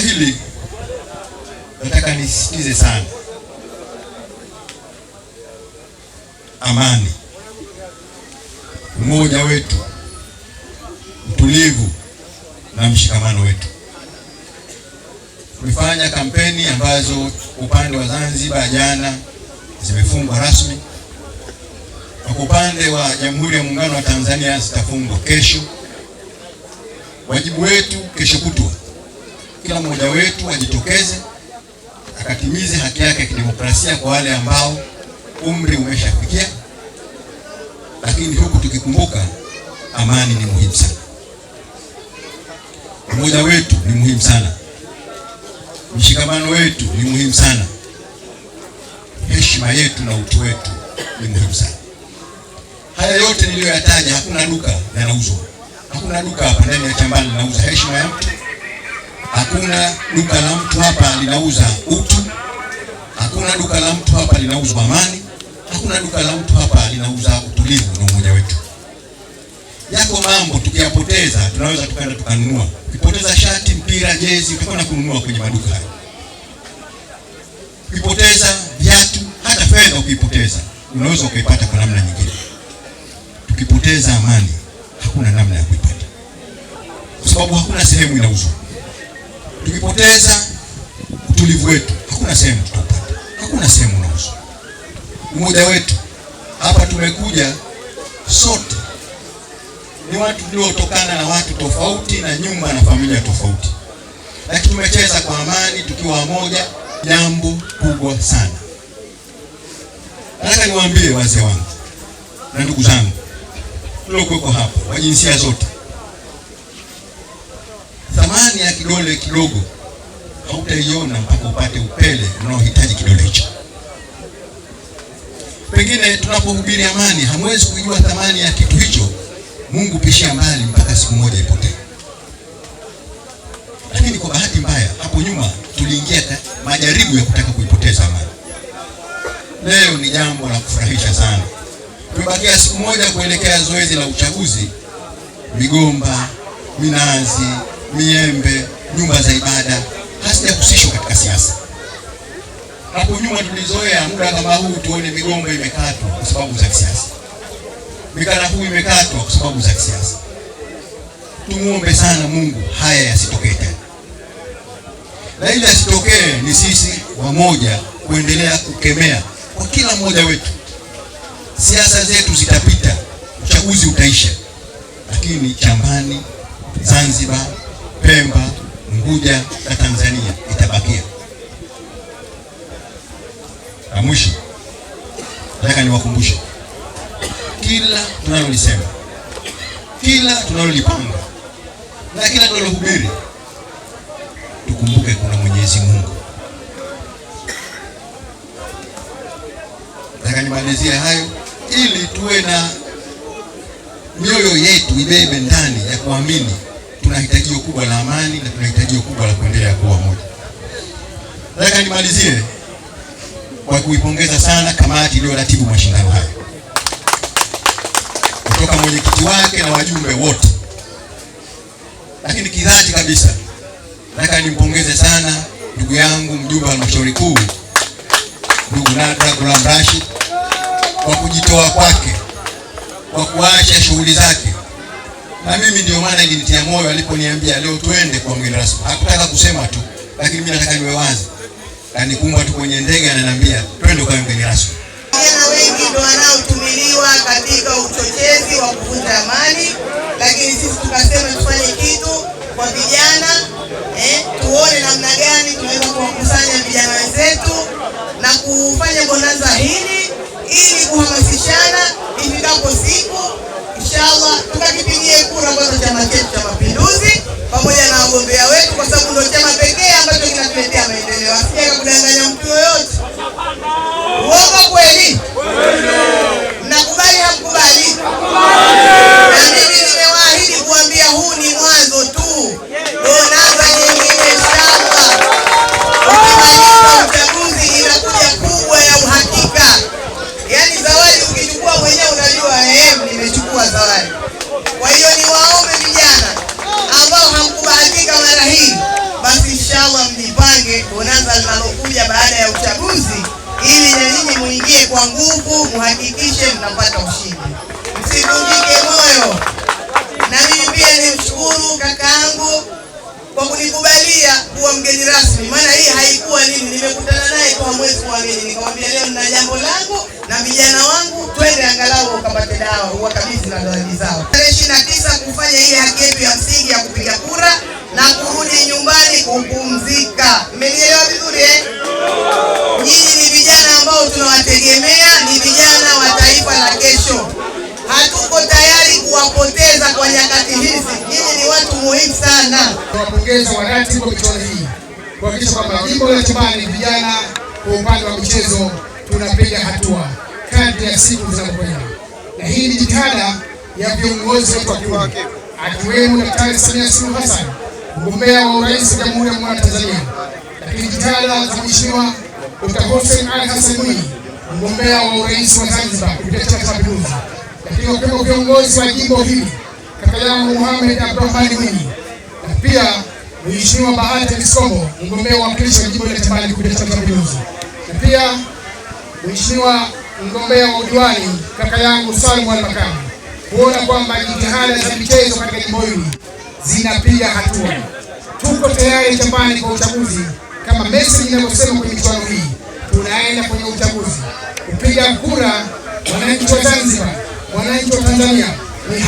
hili nataka nisikize sana amani, umoja wetu, utulivu na mshikamano wetu. Tulifanya kampeni ambazo upande wa Zanzibar jana zimefungwa rasmi na kwa upande wa Jamhuri ya Muungano wa Tanzania zitafungwa kesho. Wajibu wetu kesho kutwa kila mmoja wetu ajitokeze akatimize haki yake ya kidemokrasia kwa wale ambao umri umeshafikia, lakini huku tukikumbuka amani ni muhimu sana, umoja wetu ni muhimu sana, mshikamano wetu ni muhimu sana, heshima yetu na utu wetu ni muhimu sana. Haya yote niliyoyataja, hakuna duka yanauzwa, hakuna duka hapa ndani ya Chambani linauza heshima ya mtu Hakuna duka la mtu hapa linauza utu, hakuna duka la mtu hapa linauza amani, hakuna duka la mtu hapa linauza utulivu na umoja wetu. Yako mambo tukiyapoteza tunaweza tukaenda tukanunua. Ukipoteza shati, mpira, jezi utakwenda kununua kwenye maduka hayo. Ukipoteza viatu, hata fedha ukipoteza unaweza ukaipata kwa namna nyingine. Tukipoteza amani, hakuna namna ya kuipata, kwa sababu hakuna sehemu inauzwa tukipoteza utulivu wetu, hakuna sehemu tutapata, hakuna sehemu nazo umoja wetu. Hapa tumekuja sote ni watu tuliotokana na watu tofauti na nyumba na familia tofauti, lakini tumecheza kwa amani tukiwa wamoja, jambo kubwa sana. Nataka niwaambie wazee wangu na ndugu zangu tuliokuweko hapa wa jinsia zote thamani ya kidole kidogo hautaiona mpaka upate upele unaohitaji kidole hicho. Pengine tunapohubiri amani, hamwezi kujua thamani ya kitu hicho. Mungu pishia mbali mpaka siku moja ipotee. Lakini kwa bahati mbaya, hapo nyuma tuliingia majaribu ya kutaka kuipoteza amani. Leo ni jambo la kufurahisha sana. Tumebakia siku moja kuelekea zoezi la uchaguzi, migomba, minazi miembe, nyumba za ibada hazijahusishwa katika siasa. Hapo nyuma tulizoea muda kama huu tuone migomba imekatwa kwa sababu za kisiasa, mikarafuu imekatwa kwa sababu za kisiasa. Tumuombe sana Mungu haya yasitokee tena, na ili yasitokee ni sisi wamoja kuendelea kukemea kwa kila mmoja wetu. Siasa zetu zitapita, uchaguzi utaisha, lakini Chambani Zanzibar Pemba, Unguja na Tanzania itabakia. Na mwisho, nataka niwakumbushe kila tunalolisema, kila tunalolipanga na kila tunalohubiri, tukumbuke kuna Mwenyezi Mungu. Nataka nimalizie hayo ili tuwe na mioyo yetu ibebe ndani ya kuamini tunahitaji kubwa la amani na tunahitaji kubwa la kuendelea kuwa moja. Nataka nimalizie kwa kuipongeza sana kamati iliyoratibu mashindano haya kutoka mwenyekiti wake na wajumbe wote, lakini kidhati kabisa nataka nimpongeze sana ndugu yangu mjumbe wa halmashauri kuu ndugu Nadra Ghulam Rashid kwa kujitoa kwake kwa kuacha shughuli zake na mimi ndio maana ilinitia moyo aliponiambia leo twende kwa mgeni rasmi. Hakutaka kusema tu, lakini mimi nataka niwe wazi. Kanikumba tu kwenye ndege ananiambia twende kwa mgeni rasmi. Vijana wengi ndio wanaotumiliwa katika uchochezi wa kuvunja amani, lakini sisi tukasema tufanye kitu kwa vijana eh, tuone namna gani tunaweza kuwakusanya vijana wenzetu na kufanya bonanza hili ili kuhamasishana leo, asije kudanganya mtu yoyote. Uongo kweli? Mnakubali hamkubali? Na mimi nimewaahidi kuambia huu ni mwanzo tu, bonanza nyingine shamba ukimaliza uchaguzi inakuja kubwa ya uhakika. Yaani zawadi ukichukua mwenyewe unajua eh, nimechukua zawadi. Kwa hiyo niwaombe vijana ambao hamkubahatika mara hii, basi inshallah yake bonanza linalokuja baada ya uchaguzi, ili na ninyi muingie kwa nguvu, muhakikishe mnapata ushindi, msivunjike moyo. Na mimi pia nimshukuru kaka yangu kwa kunikubalia kuwa mgeni rasmi, maana hii haikuwa nini, nimekutana naye kwa mwezi wa mili, nikamwambia leo nina jambo langu na vijana wangu, twende angalau ukapate dawa uwakabidhi na dawa zao, tarehe ishirini na tisa kufanya ile haki yetu ya msingi ya kupiga kura na kurudi nyumbani kuhukumu barabara. Mmenielewa vizuri eh? Nyinyi ni vijana ambao tunawategemea, ni vijana wa taifa la kesho. Hatuko tayari kuwapoteza kwa nyakati hizi. Nyinyi ni watu muhimu sana. Nawapongeza wadati kwa michuano hii kuhakikisha kwamba jimbo la Chimani vijana kwa upande wa michezo tunapiga hatua kadri ya siku zinazokwenda, na hii ni jitihada ya viongozi wetu wa akiwemo Daktari Samia Suluhu Hassan mgombea wa urais wa Jamhuri ya Muungano wa Tanzania, lakini jitihada za Mheshimiwa Dr. Hussein Ali Hassan Mwinyi, mgombea wa urais wa Zanzibar kupitia Chama cha Mapinduzi, lakini wakiwemo viongozi wa jimbo hili kaka yangu Mohamed Abdurahmani Mwinyi na pia Mheshimiwa Bahati Lisombo, mgombea wa uwakilishi wa jimbo la Tembeya kupitia Chama cha Mapinduzi, na pia Mheshimiwa mgombea wa udiwani kaka yangu Salmu Al Makame, kuona kwamba jitihada za michezo katika jimbo hili zinapiga hatua. Tuko tayari jamani kwa uchaguzi, kama Messi inavyosema kwenye michuano hii, tunaenda kwenye uchaguzi kupiga kura wananchi wa Zanzibar, wananchi wa Tanzania